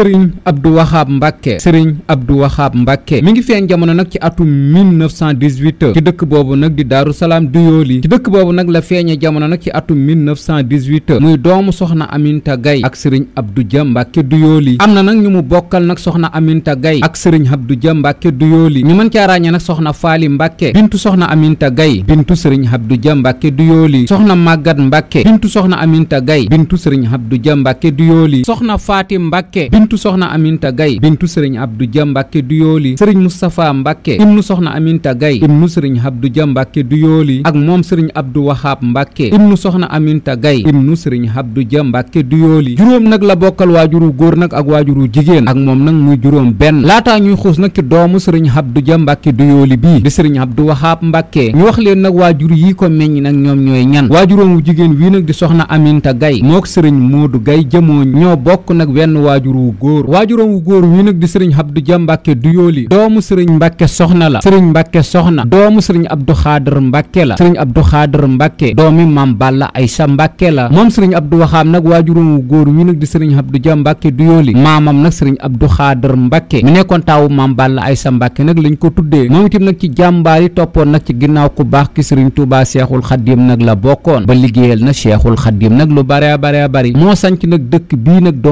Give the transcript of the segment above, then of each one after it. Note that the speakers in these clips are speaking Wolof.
Serigne Abdou Wahab Mbacke Serigne Abdou Wahab Mbacke mi ngi feeñ jamono nag ci atum 1918 ci dëkk boobu nag di Daaru Salaam Duyooli ci dëkk boobu nag la feeñe jamono nag ci atum 1918 muy doomu soxna Aminta Gaye ak Serigne Abdou Dia Mbacke Duyooli am na nag ñu mu bokkal nag soxna Aminta Gaye ak Serigne Abdou Dia Mbacke Duyooli ñu mën caa ràññee nag soxna Faali Mbacke bintu soxna Aminta Gaye bintu Serigne Abdou Dia Mbacke Duyooli soxna Magat Mbacke bintu soxna Aminta Gaye bintu Serigne Abdou Dia Mbacke Duyooli soxna Faati Mbacke bintu surtout soxna Aminta Gaye bintu sëriñ Abdou Dia Mbàkke Duyooli sëriñ Moustapha Mbàkke ibnu soxna Aminta Gaye ibnu sëriñ Abdou Dia Mbàkke Duyooli ak moom sëriñ Abdou Wahab Mbàkke ibnu soxna Aminta Gaye ibnu sëriñ Abdou Dia Mbàkke Duyooli juróom nag la bokkal waajuru góor nag ak waajuru jigéen ak moom nag muy juróom benn laataa ñuy xuus nag ci doomu sëriñ Abdou Dia Mbàkke Duyooli bii di sëriñ Abdou Wahab Mbàkke ñu wax leen nag waajur yi ko meññ nag ñoom ñooy ñan waajuróom wu jigéen wii nag di soxna Aminta gay mook sëriñ Moodu gay jëmoo ñoo bokk nag wenn waajuru góor waajuram wu góor wi nag di sëriñ du Dia Mbàkke Duyooli doomu sëriñ Mbàkke soxna la sëriñ Mbàkke soxna doomu sëriñ Abdou Xaadar Mbàkke la sëriñ Abdou Xaadar Mbàkke doomi Maam Balla Aysa Mbàkke la moom sëriñ Abdou Waxaam nag waajuram wu góor wi nag di sëriñ Abdou Dia Mbàkke Duyooli maamam nag sëriñ Abdou Xaadar Mbàkke mi nekkoon taawu Maam Balla Aysa Mbàkke nag lañ ko tuddee moom itam nag ci jàmbaar yi toppoon nag ci ginnaaw ku baax ki sëriñ Tuubaa Seexul Xadiim nag la bokkoon ba liggéeyal na Seexul Xadiim nag lu bare bare bari moo sanc nag dëkk bii nag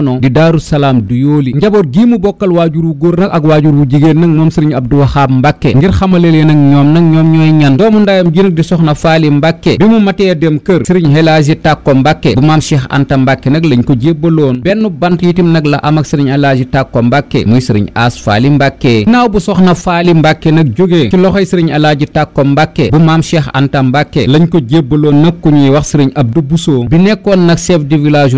jamono di daaru salaam du yooli njaboot gii mu bokkal waajur wu góor nag ak waajur wu jigéen nag moom sëriñ Abdou Wahab Mbàkke ngir xamale leen ak ñoom nag ñoom ñooy ñan doomu ndayam ji nag di soxna faali Mbàkke bi mu matee dem kër sëriñ Elaaji Tàkko Mbàkke bu maam Cheikh Anta Mbàkke nag lañ ko jébbaloon benn bant itim nag la am ak sëriñ Elaaji Tàkko Mbàkke muy sëriñ As Faali Mbàkke naaw bu soxna faali Mbàkke nag jógee ci loxoy sëriñ Elaaji Tàkko Mbàkke bu maam Cheikh Anta Mbàkke lañ ko jébbaloon nag ku ñuy wax sëriñ Abdou Bousso bi nekkoon nag chef de village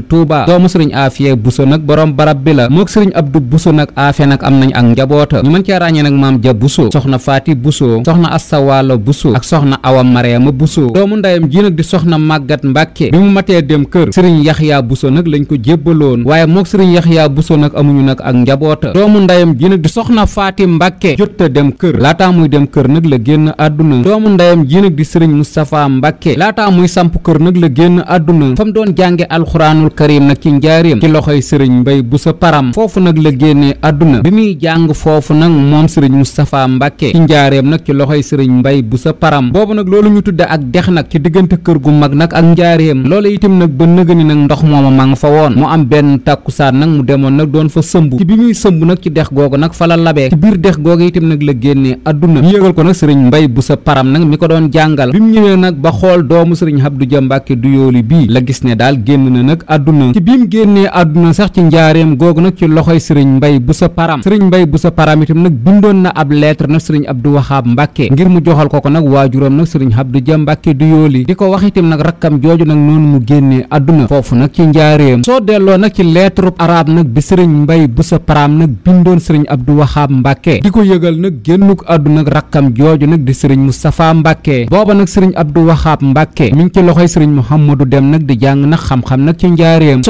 Bousso nag borom barab bi la mook sëriñ Abdou Bousso nag aafe nag am nañ ak njaboota ñu mën cee ràññee nag maam ja Bousso soxna Faati Bousso soxna Astawaalo Bousso ak soxna Awa Mariama Bousso doomu ndayam ji nag di soxna Màggat Mbàkke bi mu matee dem kër sëriñ Yaxya Bousso nag lañ ko jébbaloon waaye mook sëriñ Yaxya Bousso nag amuñu nag ak njaboota doomu ndayam ji nag di soxna Faati Mbàkke jotta dem kër laataa muy dem kër nag la génn àdduna doomu ndayam ji nag di sëriñ Moustapha Mbàkke laataa muy samp kër nag la génn àdduna fam doon jànge alxuraanul karim nag ci njaareem ci loxoy sëriñ mbay bu sa param foofu nag la génne àdduna bi muy jàng foofu nag moom sëriñ Moustapha Mbàkke ci njaareem nag ci loxoy sëriñ mbay bu sa param boobu nag loolu ñu tudde ak dex nag ci diggante kër gu mag nag ak njaareem loola itam nag ba nëgëni nag ndox mooma ma nga fa woon mu am benn tàkkusaan nag mu demoon nag doon fa sëmb bi muy sëmb nag ci dex googu nag fa la labee biir dex googu itam nag la génnee àdduna ñu yëgal ko sëriñ mbay bu sa param nag mi ko doon jàngal bi mu ñëwee nag ba xool doomu sëriñ Abdou Dia Mbàkke du yooli bii la gis ne daal génn na nag àdduna ci bi génnee àdduna nekkoon sax ci njaareem googu nag ci loxoy sëriñ mbay bu sa param sëriñ mbay bu sa param itam nag bindoon na ab lettre nag sëriñ abdou wahab mbàkke ngir mu joxal ko ko nag waajuram nag sëriñ abdou ja mbàkke du yooli di ko wax itam nag rakkam jooju nag noonu mu génnee àdduna foofu nag ci njaareem soo delloo nag ci lettre arab nag bi sëriñ mbay bu sa param nag bindoon sëriñ abdou wahab mbàkke di ko yëgal nag génnuk àdduna rakkam jooju nag di sëriñ moustapha mbàkke booba nag sëriñ abdou wahab mbàkke mi ngi ci loxoy sëriñ mouhamadou dem nag di jàng nag xam-xam nag ci njaareem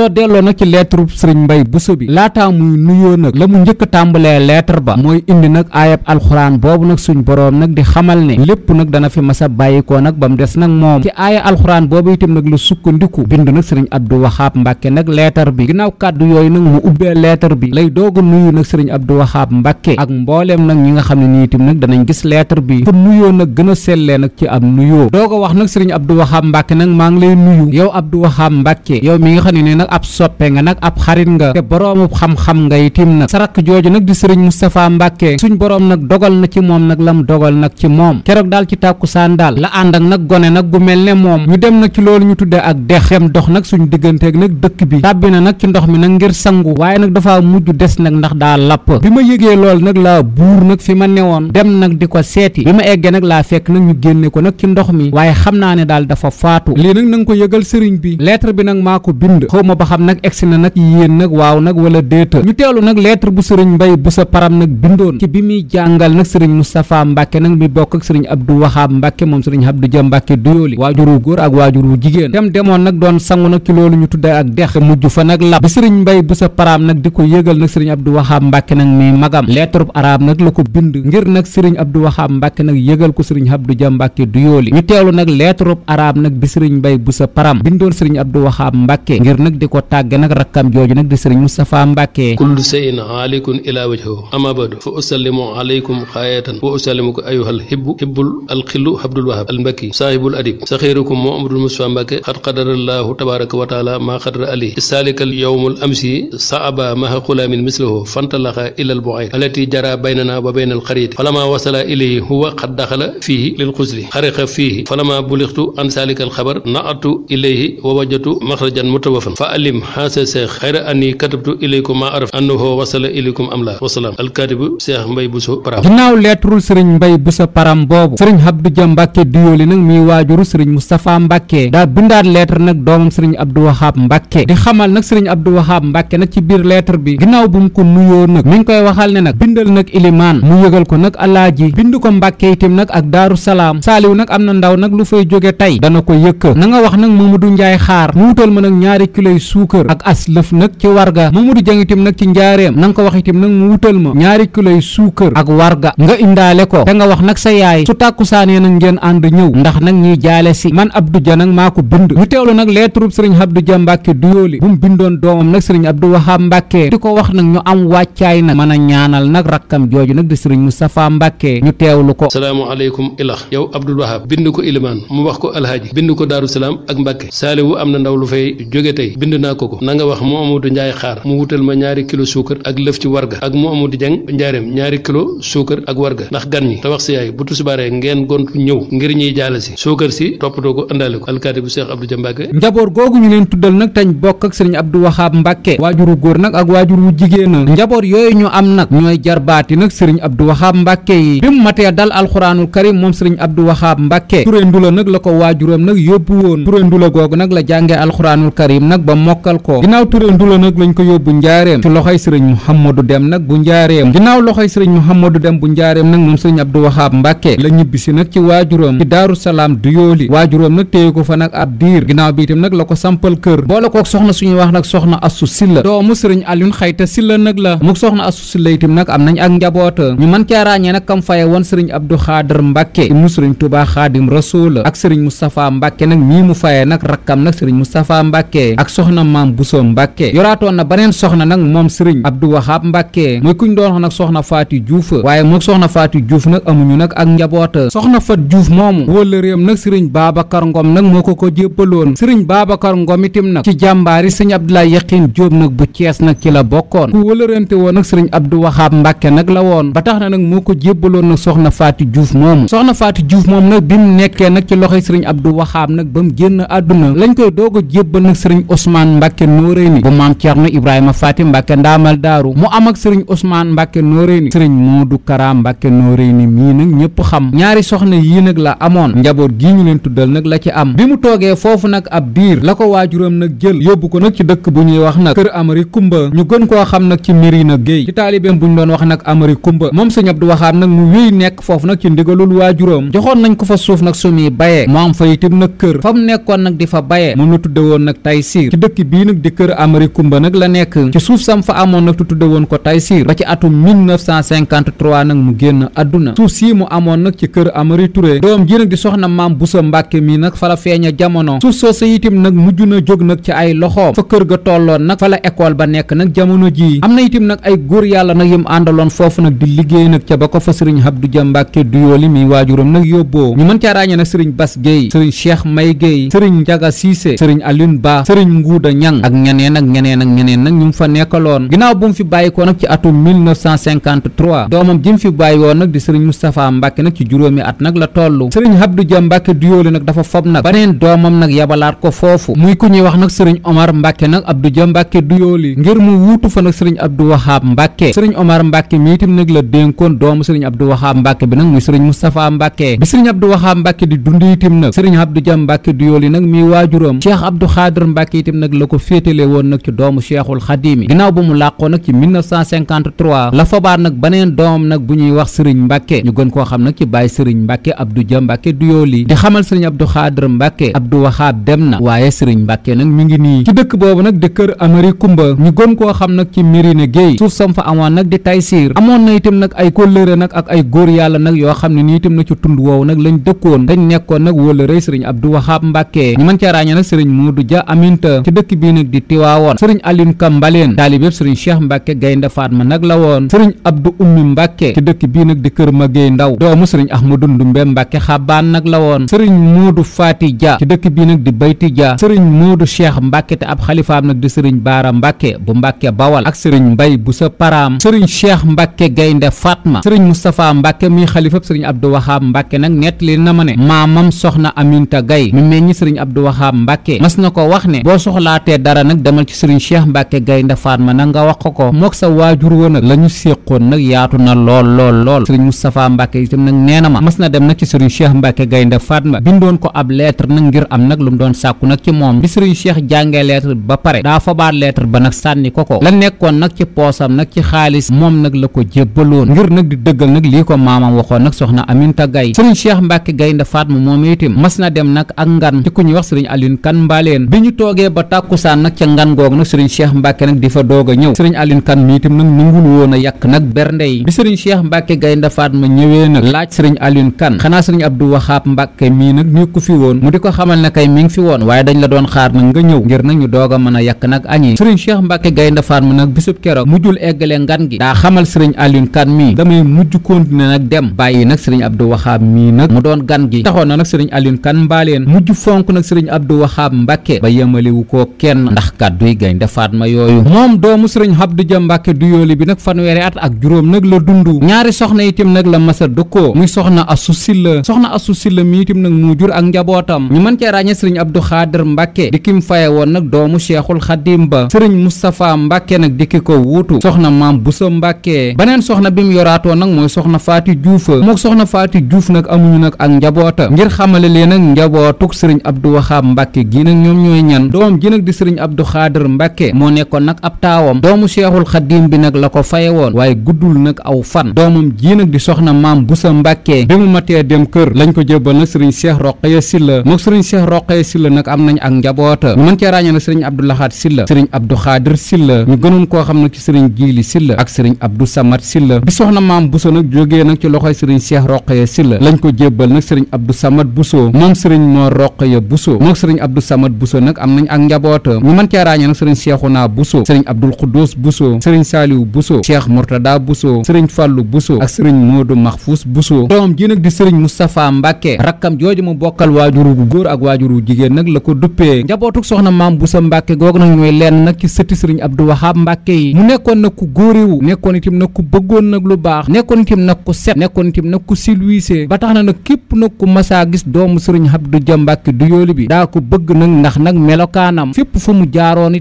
sëriñ Mbay Buso bi laataa muy nuyoo nag la mu njëkk a tàmbalee lettre ba mooy indi nag aayab alxuraan boobu nag suñ boroom nag di xamal ne lépp nag dana fi masa bàyyikoo nag ba mu des nag moom ci aaya alxuraan boobu itam nag la sukkandiku bind nag sëriñ Abdou Wahab Mbàkke nag lettre bi ginnaaw kàddu yooyu nag mu ubbee lettre bi lay doog a nuyu nag sëriñ Abdou Wahab Mbàkke ak mbooleem nag ñi nga xam ne nii itam nag danañ gis lettre bi fu nuyoo nag gën a sellee nag ci ab nuyoo doog a wax nag sëriñ Abdou Wahab Mbàkke nag maa ngi lay nuyu yow Abdou Wahab Mbàkke yow mi nga xam ne nii nag ab soppe nga nag ab xarit nga te boroomu xam-xam nga itim nag sa jooju nag di sëriñ Moustapha Mbàkke suñu boroom nag dogal na ci moom nag la mu dogal nag ci moom keroog daal ci tàkkusaan daal la ànd ak nag gone nag gu mel ne moom ñu dem nag ci loolu ñu tuddee ak dex dox nag suñ digganteeg nag dëkk bi na nag ci ndox mi nag ngir sangu waaye nag dafa mujj des nag ndax daa lapp bi ma yëgee loolu nag laa buur nag fi ma newoon dem nag di ko seeti bi ma eggee nag laa fekk nag ñu génne ko nag ci ndox mi waaye xam naa ne daal dafa faatu lii nag na nga ko yëgal sëriñ bi lettre bi nag maa ko bind xaw ba xam nag egsi na nag yéen nag waaw nag wala déeta ñu teelu nag lettre bu sëriñ Mbay Buso Param nag bindoon ci bi muy jàngal nag sëriñ Moustapha Mbàkke nag mi bokk ak sëriñ Abdou Wahab Mbàkke moom sëriñ Abdou Ja Mbàkke Duyooli waajur wu góor ak waajur wu jigéen dem demoon nag doon sangu nag ci loolu ñu tudde ak dex fa nag lab bi sëriñ Mbay Buso Param nag di ko yëgal nag sëriñ Abdou Wahab Mbàkke nag mi magam lettre bu arab nag la ko bind ngir nag sëriñ Abdou Wahab Mbàkke nag yëgal ko sëriñ Abdou Ja Mbàkke Duyooli ñu teelu nag lettre bu arab nag bi sëriñ Mbay Buso Param bindoon sëriñ Abdou Wahab Mbàkke ngir nag di ko tàgge nag rakkam jooju nag di sëriñ Moustapha Mbacke kullu shay'in haalikun ilaa wajhihi amma ba'du fa usallimu alaykum xaayatan wa usallimuka ayyuhal hibbu hibbul alxillu abdul wahab al mbakki saahibul adib saxiirukum muhammadul Moustapha Mbacke xad qadarallahu tabaraka wa taala maa qadara ali saalikal yowmul amsi saaba maha xulaamin mislahu fantalaxa ilal bu'ayr alati jara baynana wa bayna alxarit falama wasala ilayhi huwa qad daxala fiihi lil xusli xariqa fiihi falama bulixtu an saalikal xabar naatu ilayhi wa wajatu maxrajan mutawafan fa alim xaasa seex ma araf annahu wasala ilaykum am la wasalaam alkaatibu Cheikh Mbaye Bousso Param ginnaaw lettrul sëriñ Mbaye Bousso Param boobu sëriñ Abdou Dia Mbacke Diyooli nag miy waajuru sëriñ Moustapha Mbacke daa bindaat lettre nag doomam sëriñ Abdou Wahab Mbacke di xamal nag sëriñ Abdou Wahab nag ci biir lettre bi ginnaaw bu mu ko nuyoo nag mi ngi koy waxal ne nag bindal nag ilimaan mu yëgal ko nag alaaji bind ko Mbacke itam nag ak Daaru Salaam nag am na ndaw nag lu fay jóge tey dana ko yëkk na nga wax nag Mamadou Ndiaye xaar mu wutal ma nag ñaari def nag ci warga Mamadou Dieng itam nag ci njaareem na nga ko wax itam nag mu wutal ma ñaari kiloy suukar ak warga nga indaale ko da nga wax nag sa yaay su tàkkusaanee nag ngeen ànd ñëw ndax nag ñuy jaale si man Abdou Dia nag maa ko bind ñu teewlu nag lettre bu sëriñ Abdou Dia Mbàkke Duyooli bu mu bindoon doomam nag sëriñ Abdou Wahab Mbàkke di ko wax nag ñu am wàccaay nag mën a ñaanal nag rakkam jooju nag di sëriñ Moustapha Mbàkke ñu teewlu ko salaamaaleykum ila yow Abdul Wahab bind ko ilimaan mu wax ko alhaaji bind ko daaru salaam ak Mbàkke saaliwu am na ndaw lu fay jóge tey naa ko ko Amadou Ndiaye xaar mu wutal ma ñaari kilo suukar ak lëf ci warga ak mu Amadou Dieng njaareem ñaari kilo suukar ak war ga ndax gan ñi te wax si yaay bu tusubaaree ngeen gontu ñëw ngir ñuy jàll si suukar si toppatoo ko àndaale ko alkaati bu Cheikh Abdou Dia Mbacke njaboot googu ñu leen tuddal nag tañ bokk ak sëriñ Abdou Wahab Mbacke waajuru góor nag ak waajuru jigéen njaboot yooyu ñu am nag ñooy jarbaati nag sëriñ Abdou Wahab Mbacke yi bi mu matee dal alxuraanul karim moom sëriñ Abdou Wahab Mbacke turee ndula nag la ko waajuram nag yóbbu woon turee ndula googu nag la jàngee alxuraanul karim nag ba mokkal ko ndula nag lañ ko yóbbu njaareem ci loxoy sëriñ Mouhamadou Dem nag bu njaareem ginnaaw loxoy sëriñ Mouhamadou Dem bu njaareem nag moom sëriñ Abdou Wahab Mbàkke la ñibbisi nag ci waajuróom ci Daaru Salaam du yooli waajuróom nag téye ko fa nag ab diir ginnaaw bi itam nag la ko sampal kër boole ko soxna suñuy wax nag soxna Assu Silla doomu sëriñ Alioune Xayta Silla nag la mu soxna Assu Silla itam nag am nañ ak njaboota ñu man caa ràññee nag kam faye woon sëriñ Abdou Xaadar Mbàkke mu sëriñ Tuubaa Xaadim Rasuul ak sëriñ Moustapha Mbàkke nag ñii mu faye nag rakkam nag sëriñ Moustapha Mbàkke ak soxna Maam Buso Mbàkke yoraatoon na baneen soxna nag moom sëriñ Abdou Wahab Mbàkke muy kuñ doon nag soxna Faati Juuf waaye moog soxna Faati Juuf nag amuñu nag ak njaboota soxna Fat Juuf moomu wóllëreem nag sëriñ Babacar Ngom nag moo ko ko jébbaloon sëriñ Babacar Ngom itam nag ci jàmbaari sëriñ Abdoulaye Yakhine Diop nag bu Cees nag ci la bokkoon ku wóllërante woon nag sëriñ Abdou Wahab Mbàkke nag la woon ba tax na nag moo ko jébbaloon nag soxna Faati Juuf moomu soxna Faati Juuf moom nag bi mu nekkee nag ci loxoy sëriñ Abdou Wahab nag ba mu génn lañ koy doog a jébbal nag maam Thierno Ibrahima Fatim Mbacke ndaamal daaru mu am ak sëriñ Ousmane Mbacke Noreyni sëriñ Modou Kara Mbacke Noreyni mii nag ñëpp xam ñaari soxna yii nag la amoon njaboot gii ñu leen tuddal nag la ci am bi mu toogee foofu nag ab diir la ko waajuram nag jël yóbbu ko nag ci dëkk bu ñuy wax nag kër Amari Kumba ñu gën koo xam nag ci Mérina Gueye ci taalibeem bu ñu doon wax nag Amari Kumba moom sëñ Abdou Wahab nag mu wéy nekk foofu nag ci ndigalul ko fa suuf nag mu am fa itam nag kër fa mu nekkoon nag di fa bayee moom la tudde woon nag Taysiir ci dëkk bii nag di kër Mari Kumba nag la nekk ci suuf sam fa amoon nag tu tudde woon ko Taysiir ba ci atum nag mu génn àdduna suuf sii mu amoon nag ci kër Amari Touré doom ji nag di soxna maam Busa Mbàkke mi nag fa la feeñ a jamono suuf soo sa itim nag mujj na jóg nag ci ay loxoom fa kër ga tolloon nag fa la école ba nekk nag jamono jii am na itim nag ay góor yàlla nag yim àndaloon foofu nag di liggéey nag ca ba ko fa sëriñ Abdou Dia Mbàkke Duyooli mi waajuram nag yóbboo ñu mën caa ràññee nag sëriñ Bas Guèye sëriñ Cheikh ñeneen ak ñeneen nag ñu mu fa nekkaloon ginnaaw bu mu fi bàyyikoo nag ci atum 1953 doomam ji mu fi bàyyi woon nag di sëriñ Moustapha Mbacke nag ci juróomi at nag la toll sëriñ Abdou Dia Mbacke Douyoly nag dafa fob nag baneen doomam nag yabalaat ko mi sëriñ Abdou Wahab bi sëriñ Moustapha Mbacke bi di dund itam nag sëriñ Abdou Dia Mbacke Douyoly nag mi waajuram Cheikh Abdou Khadir Mbacke itam nag la ko féetale woon nag ci doomu cheikhul xadim yi ginnaaw bu mu làqoo nag ci 1953 la fabaat nag baneen doomam nag bu ñuy wax sëriñ mbàkke ñu gën koo xam nag ci bàyyi sëriñ mbàkke abdou dia mbàkke duyooli di xamal sëriñ abdou xaadir mbàkke abdou waxaab dem na waaye sëriñ mbàkke nag mu ngi nii ci dëkk boobu nag di kër amari kumba ñu gën koo xam nag ci mirina géey suuf sam fa amoon nag di taysiir amoon na itam nag ay kóllëre nag ak ay góor yàlla nag yoo xam ne nii itam na ci tund woowu nag lañ dëkkoon dañ nekkoon nag wóllëre sëriñ abdou waxaab mbàkke ñu mën caa ràññe nag sëriñ muudu ja woon sëriñ Alioune Ka Mbaleen taalibe sëriñ Cheikh Mbacke Gaynde Fatma nag la woon sëriñ Abdou Ummi Mbacke ci dëkk bii nag di kër Magey Ndaw doomu sëriñ Ahmadou Ndumbe Mbacke Xabaan nag la woon sëriñ Moodu Faati Dia ci dëkk bii nag di Bayti Dia sëriñ Moodu Cheikh Mbacke te ab xalifaam nag di sëriñ Baara Mbacke bu mbakke Bawal ak sëriñ Mbay bu sa Paraam sëriñ Cheikh mbakke Gaynde Fatma sëriñ Moustapha Mbacke muy xalifab sëriñ Abdou Wahab Mbacke nag nettali na ma ne maamam ci sëriñ Cheikh Mbacke Gaynde Fatma nag nga wax ko ko mook sa waajur wa nag la séqoon nag yaatu na lool lool lool sëriñ Moustapha Mbacke itam nag nee na ma mas na dem nag ci sëriñ Cheikh Mbacke Gaynde Fatma bindoon ko ab lettre nag ngir am nag lu mu doon sàkku nag ci moom bi sëriñ Cheikh jàngee lettre ba pare daa fabaat lettre ba nag sànni ko ko la nekkoon nag ci poosam nag ci xaalis moom nag la ko jébbaloon ngir nag di dëggal nag lii ko maamam waxoon nag soxna mas na dem nag ak ngan ci ku ñuy wax sëriñ Alioune Mbaleen bi ñu toogee ba tàkkusaan nag ca ngan googu nag sëriñ Cheikh Mbacke nag di fa doog a ñëw sëriñ Aline Kane mi itam nag nangul woon a yàq nag bernde yi bi sëriñ Cheikh Mbacke Gaynde Fatma ñëwee nag mu di ko xamal ne kay mi ngi fi woon la doon xaar nag nga ñëw ngir nag ñu doog a a yàq nag añi sëriñ Cheikh Mbacke Gaynde Fatma nag bisub keroog mujjul eggale ngan gi daa xamal sëriñ Aline Kane mii damay mujj continuer nag dem bàyyi nag sëriñ Abdou Wahab mii nag mu doon gan gi taxoon na nag sëriñ Aline Kane mbaaleen mujj fonk nag sëriñ Abdou Wahab Mbacke ba yemaliwu koo kenn ndax kàddu muy gaynde Fatma yooyu moom doomu sëriñ Abdou Dia Mbàkke Duyooli bi nag fanweeri at ak juróom nag la dund ñaari soxna itam nag la masa dëkkoo muy soxna Asu Silla soxna Asu Silla mi itam nag mu jur ak njabootam ñu mën cee ràññee sëriñ Abdou Xaadir Mbàkke di faye woon nag doomu Cheikhul Xadim ba sëriñ Moustapha Mbàkke nag di ki ko wuutu soxna maam Busa Mbàkke beneen soxna bi mu yoraatoon nag mooy soxna Faati Juuf mook soxna Faati Juuf nag amuñu nag ak Xaadir Mbàkke moo nekkoon nag ab taawam doomu Seexul Xaadim bi nag la ko faye woon waaye guddul nag aw fan doomam jii nag di soxna maam Busa Mbàkke bi mu matee dem kër lañ ko jébbal nag sëriñ Seex Roqaya Silla mook sëriñ Seex Roqaya Silla nag am nañ ak njaboota ñu mën cee ràññee nag sëriñ Abdou Lahat Silla sëriñ Abdou Xaadir Silla ñu gënoon koo xam nag ci sëriñ Jiili Silla ak sëriñ Abdou Samad Silla bi soxna maam Busa nag jógee nag ci loxoy sëriñ Seex Roqaya Silla nag sëriñ Abdou Samad Buso moom sëriñ Mor Roqaya Buso mook sëriñ Abdou Samad Buso nag am nañ ak njaboota ñu mën cee ràññee président sëriñ Cheikhouna Bousso sëriñ Abdoul Khoudous Bousso sëriñ Saliou Bousso Cheikh Mourtada Bousso sëriñ Fallou Bousso ak sëriñ Modou Mahfous Bousso doom ji nag di sëriñ Moustapha Mbacke rakkam jooju mu bokkal waajuru gu góor ak waajuru jigéen nag la ko duppee njabootuk soxna maam Bousso Mbacke googu nag ñooy lenn nag ci sëtti sëriñ Abdou Wahab Mbacke yi mu nekkoon nag ku góorewu nekkoon itam nag ku bëggoon nag lu baax nekkoon itam nag ku set nekkoon itam nag ku silwiise ba tax na nag képp nag ku masaa gis doomu sëriñ Abdou Dia Mbacke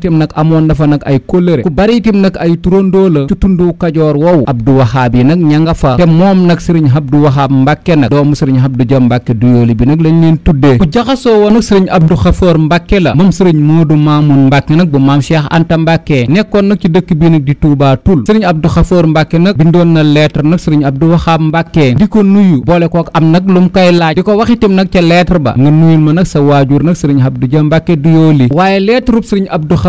itam nag amoon na fa nag ay kóllëre ku bari itam nag ay turandoo la ci tundu kajoor woowu Abdou Wahab yi nag ña nga fa te moom nag sëriñ Abdou Wahab Mbàkke nag doomu sëriñ Abdou Dia Mbàkke duyooli bi nag lañ leen tuddee jaxasoo woon nag sëriñ Abdou Xafoor Mbàkke la moom sëriñ moo Moodu Maamun Mbàkke nag bu maam Cheikh Anta Mbàkke nekkoon nag ci dëkk bii nag di Touba Toul sëriñ Abdou Xafoor Mbàkke nag bindoon na lettre nag sëriñ Abdou Wahab Mbàkke di ko nuyu boole kook am nag lu mu koy laaj di ko wax itam nag ca lettre ba nga nuyul ma nag sa waajur nag sëriñ Abdou Dia Mbàkke duyooli waaye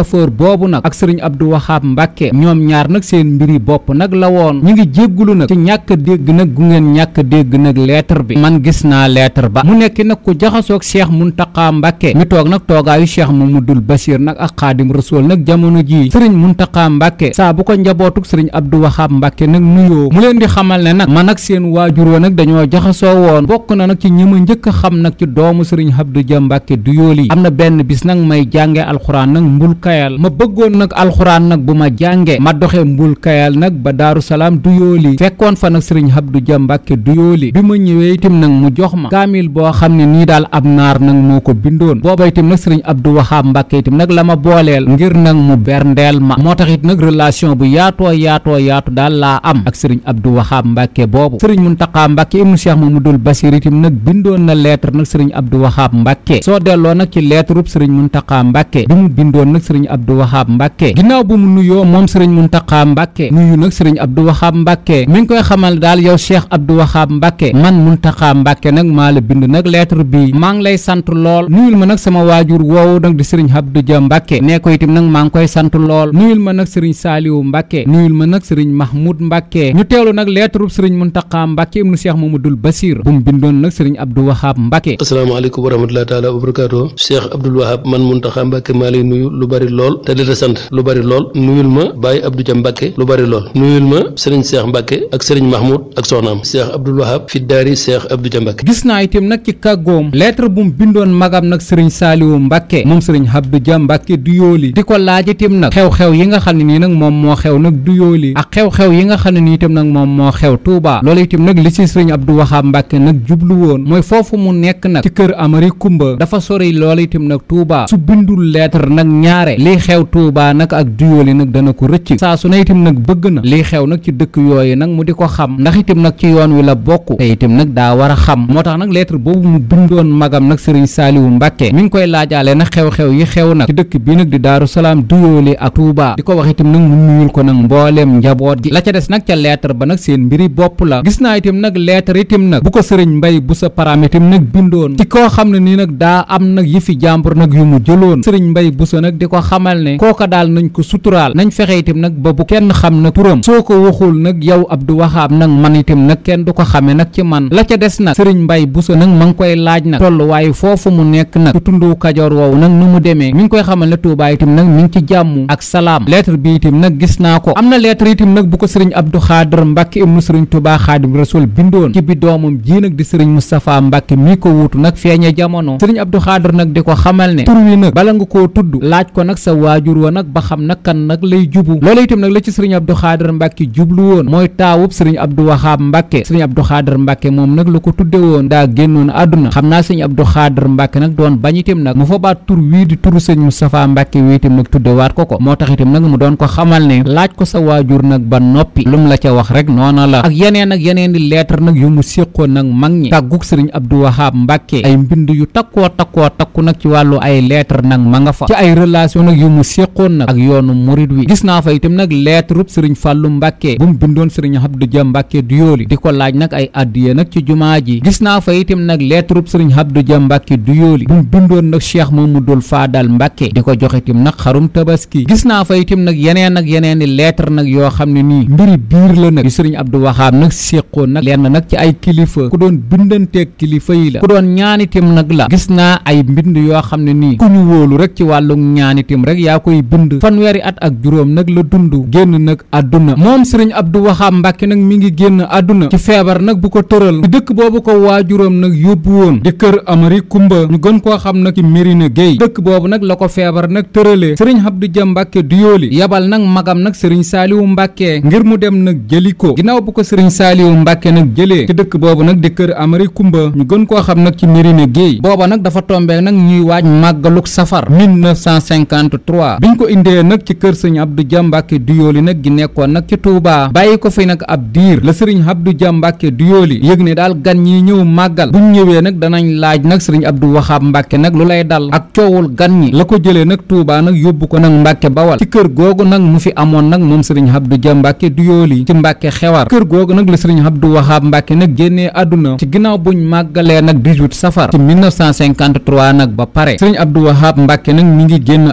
xafoor boobu nag ak sëriñ Abdou Wahab Mbacke ñoom ñaar nag seen mbiri bopp nag la woon ñu ngi jéggulu nag ci ñàkk dégg nag gu ngeen ñàkk dégg nag lettre bi man gis naa lettre ba mu nekki nag ku jaxasoog Cheikh Mountakha Mbacke mi toog nag toogaayu Cheikh Mamadou Bachir nag ak Xaadim Rasul nag jamono jii sëriñ Mountakha Mbacke saa bu ko njabootug sëriñ Abdou Wahab Mbacke nag nuyoo mu leen di xamal ne nag man ak seen waajuroo nag dañoo jaxasoo woon bokk na nag ci ñi ma njëkk xam nag ci doomu sëriñ Abdou Dia Mbacke du yool yi am na benn bis nag may jànge alxuraan kayal ma bëggoon nag alxuraan nag bu ma jànge ma doxe mbul kayal nag ba daaru salaam du yooli fekkoon fa nag sëriñ Abdou Dia Mbàkke du yooli bi ma ñëwee itam nag mu jox ma kaamil boo xam ne nii daal ab naar nag moo ko bindoon booba itam nag sëriñ Abdou Wahab Mbàkke itam nag la ma booleel ngir nag mu berndeel ma moo tax it nag relation bu yaatoo yaatoo yaatu daal laa am ak sëriñ Abdou Wahab Mbàkke boobu sëriñ Muntaqa Mbàkke ibnu Cheikh Mamadul Basir itam nag bindoon na lettre nag sëriñ Abdou Wahab Mbàkke soo delloo nag ci lettre sëriñ Muntaqa Mbàkke bi sëriñ Abdou Wahab Mbacke ginnaaw bu mu nuyoo moom sëriñ Mountakha Mbacke nuyu nag sëriñ Abdou Wahab Mbacke mi ngi koy xamal daal yow Cheikh Abdou Wahab Mbacke man Mountakha Mbacke nag maa la bind nag ngi lay sant lool nuyul ma nag sama waajur woowu nag di sëriñ Abdou Dia Mbacke nee ko itam nag maa ngi koy sant lool nuyul ma nag sëriñ Saliou Mbacke nuyul ma nag sëriñ Mahmoud Mbacke ñu teewlu nag lettre sëriñ Mountakha Mbacke ibnu Cheikh Mamadou Basir bu mu bindoon nag sëriñ Abdou Wahab Mbacke asalaamaaleykum wa rahmatullahi taala wa barakatuh Cheikh Abdou Wahab man Mountakha Mbacke maa lay nuyu lu bari bari lool te di la sant lu bari lool nuyul ma Baye Abdou Dia lu bari lool nuyul ma Serigne Cheikh Mbacke ak Serigne Mahmoud ak soxnaam Cheikh Abdoul Wahab fi daari Cheikh Abdou Dia Mbacke gis naa itam nag ci kàggoom lettre bu mu bindoon magam nag Serigne Saliou Mbacke moom Serigne Abdou Dia Mbacke di ko laaj itam nag xew-xew yi nga xam ne nii nag moom moo xew nag du yooli ak xew-xew yi nga xam ne nii itam nag moom moo xew Touba loolu itam nag li ci Serigne Abdou Wahab Mbacke nag jublu woon mooy foofu mu nekk nag ci kër Amari Kumba dafa sori loolu pare lii xew Touba nag ak duyooli nag dana ko rëcc saa su ne itam nag bëgg na lii xew nag ci dëkk yooyu nag mu di ko xam ndax itam nag ci yoon wi la bokk te itam nag daa war a xam moo tax nag lettre boobu mu bindoon magam nag sëriñ Saaliwu Mbàkke mi ngi koy laajaale nag xew-xew yi xew nag ci bi nag di Daaru Salaam duyooli ak Touba di ko wax itam nag mu nuyul ko nag mbooleem njaboot gi la ca des nag ca lettre ba nag seen mbiri bopp la gis naa itam nag lettre itam nag bu ko sëriñ Mbay bu sa param itam nag bindoon ci koo xam ne nii nag daa am nag yi fi jàmbur nag yu mu jëloon sëriñ Mbay bu sa nag di ko xamal ne kooka daal nañ ko suturaal nañ fexe itam nag ba bu kenn xam nag soo ko waxul nag yow Abdou man itam kenn du ko xamee nag ci man la des nag sëriñ Mbay Buso ma ngi koy laaj nag tolluwaaye foofu mu nekk nag ci tundu Kajoor woowu nag nu mu demee mi ngi koy xamal ne Tuubaa itam nag mi ngi ci jàmm ak salaam lettre bi itam nag gis naa ko am na lettre itam nag bu ko sëriñ Abdou Xaadir Mbàkke ibnu sëriñ Tuubaa Xaadim Rasul bindoon ci bi doomam ji nag di sëriñ Moustapha Mbàkke mii ko wuutu nag feeñe jamono sëriñ Abdou Xaadir nag di ko xamal ne tur wi nag bala nga koo tudd laaj ko nag nag sa waajur wa nag ba xam na kan nag lay jubu loola itam nag la ci sëriñ Abdou Xaadar Mbàkke jublu woon mooy taawub sëriñ Abdou Wahab Mbàkke sëriñ Abdou Xaadar Mbàkke moom nag la ko tudde woon daa génnoon àdduna xam naa sëriñ Abdou Xaadar Mbàkke nag doon bañ itam nag mu fa baat tur wii di turu sëriñ Moustapha Mbàkke wii itam nag waat ko ko moo tax itam nag mu doon ko xamal ne laaj ko sa waajur nag ba noppi lum la ca wax rek noona la ak yeneen ak yeneen di lettre nag yu mu séqoon nag mag ñi tàgguk sëriñ Abdou Wahab Mbàkke ay mbind yu takkoo takkoo takku nag ci wàllu ay lettre nag yu nag yu mu séqoon nag ak yoonu murit wi gis naa fa itam nag leetarub sëriñ fàllu mbàkke bu mu bindoon sëriñ Abdou Dia mbàkke Duyooli di ko laaj nag ay addiye nag ci jumaa ji gis naa fa itam nag leetarub sëriñ Abdou Dia mbàkke Duyooli bu mu bindoon nag cheikh Mamadul Faadal mbàkke di ko jox itam nag xarum tabaski gis naa fa itam nag yeneen nag yeneeni lettre nag yoo xam ne nii mbiri biir la nag yu sëriñ Abdou Wahab nag séqoon nag lenn nag ci ay kilifa ku doon bindanteeg kilifa yi la ku doon ñaanitim nag la gis itim rek yaa koy bind fanweeri at ak juróom nag la dund génn nag àdduna moom sëriñ Abdou Wahab Mbàkke nag mu ngi génn àdduna ci feebar nag bu ko tëral ci dëkk boobu ko waa waajuram nag yóbbu woon di kër Amari Kumba ñu gën koo xam nag ci Mérina Gueye dëkk boobu nag la ko feebar nag tëralee sëriñ Abdou Dia Mbàkke Duyooli yabal nag magam nag sëriñ Saaliwu Mbàkke ngir mu dem nag jëli ko ginnaaw bu ko sëriñ Saaliwu Mbàkke nag jëlee ci dëkk boobu nag di kër Amari Kumba ñu gën koo xam nag ci Mérina Gueye 1953 biñ ko indee nag ci kër sëñ Abdou Dia Mbacke Douyoly nag gi nekkoon nag ci Touba bàyyi ko fi nag ab diir la sëriñ Abdou Dia Mbacke Douyoly yëg ne daal gan ñi ñëw màggal buñ ñëwee nag danañ laaj nag sëriñ Abdou Wahab Mbacke nag lu lay dal ak coowul gan ñi la ko jëlee nag Touba nag yóbbu ko nag Mbacke Bawal ci kër googu nag mu fi amoon nag moom sëriñ Abdou Dia Mbacke Douyoly ci Mbacke xewar kër googu nag la sëriñ Abdou Wahab Mbacke nag génnee àdduna ci ginnaaw buñ màggalee nag 18 safar ci 1953 nag ba pare sëriñ Abdou Wahab Mbacke nag mi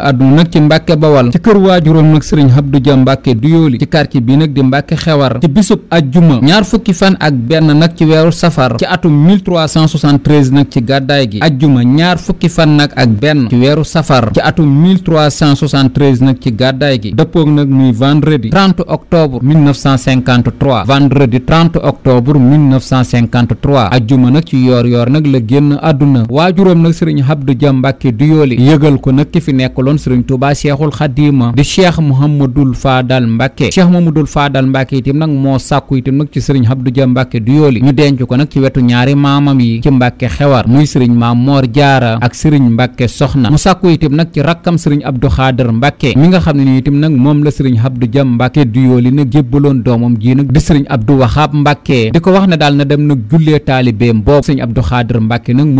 àdduna nag ci mbàkke bawal ci kër waajuram nag sëriñ Abdou Dia mbàkke duyooli ci quartier bi nag di mbàkke xewar ci bisub ajjuma ñaar fukki fan ak benn nag ci weeru safar ci atum 1373 nag ci gàddaay gi ajjuma ñaar fukki fan nag ak benn ci weeru safar ci atum 1373 nag ci gàddaay gi dëppoog nag muy vendredi 30 octobre 1953 vendredi 30 octobre 1953 ajjuma nag ci yoor yoor nag la génn àdduna waajuram nag sëriñ Abdou Dia mbàkke duyooli yëgal ko nag ki fi nekkaloon sëriñ Touba Cheikhul Khadim di Cheikh Mouhamadoul Fadal Mbacke Cheikh Mouhamadoul Fadal Mbacke itam nag moo sàkku itam nag ci sëriñ Abdou Dia Mbacke Douyoly ñu denc ko nag ci wetu ñaari maamam yi ci Mbacke xewar muy sëriñ Maam Mor Jaara ak sëriñ Mbacke Soxna mu sàkku itam nag ci rakkam sëriñ Abdou Khader mi nga xam ne nii itam nag moom la sëriñ Abdou Dia Mbacke Douyoly nag jébbaloon doomam ji nag di sëriñ Abdou Wahab di ko wax ne daal na dem nag jullee taalibeem boobu sëriñ Abdou Khader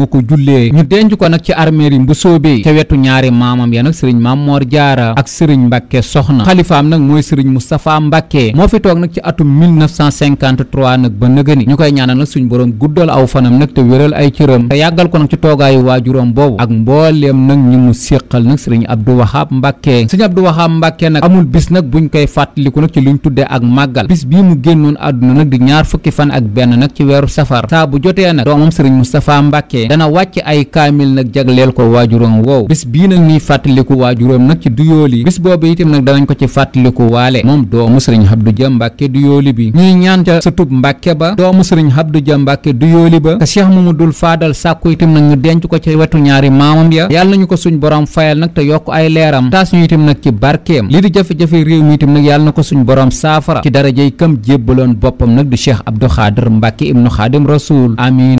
ko jullee ñu denc ko nag ci arméer yi bu soobee ca wetu ñaari maamam ya nag sëriñ Mamor Diarra ak sëriñ Mbacke Soxna xalifaam nag mooy sëriñ Moustapha Mbacke moo fi toog nag ci atum 1953 nag ba nëgëni ñu koy ñaanal nag suñ borom guddal aw fanam nag te wéral ay cëram te yàggal ko nag ci toogaayu waajuram boobu ak mbooleem nag ñi mu séqal nag sëriñ Abdou Wahab Mbacke sëriñ Abdou Wahab Mbacke nag amul bis nag bu ñu koy fàttaliku nag ci lu ñu tuddee ak màggal bis bii mu génnoon àdduna nag di ñaar fukki fan ak benn nag ci weeru safar saa bu jotee nag doomam sëriñ Moustapha Mbacke dana wàcc ay nag jagleel ko waajuram woow waajuróom nag ci duyool bis boobu itam nag danañ ko ci fàttaliku waale moom doomu sëriñ Abdou Dia Mbàkke duyooli bi ñuy ñaan ca sëtub Mbàkke ba doomu sëriñ Abdou Dia Mbàkke duyooli ba te Cheikh Faadal sàkku itam nag ñu denc ko ci wetu ñaari maamam ya yàlla nañu ko suñ borom fayal nag te yokk ay leeram taas ñu itam nag ci barkeem lii di jafe-jafe réew mi itam nag yàlla na ko suñ borom saafara ci darajey kam jébbaloon boppam nag di Cheikh Abdou Xaadir Mbàkke ibnu Xaadim Rasuul amiin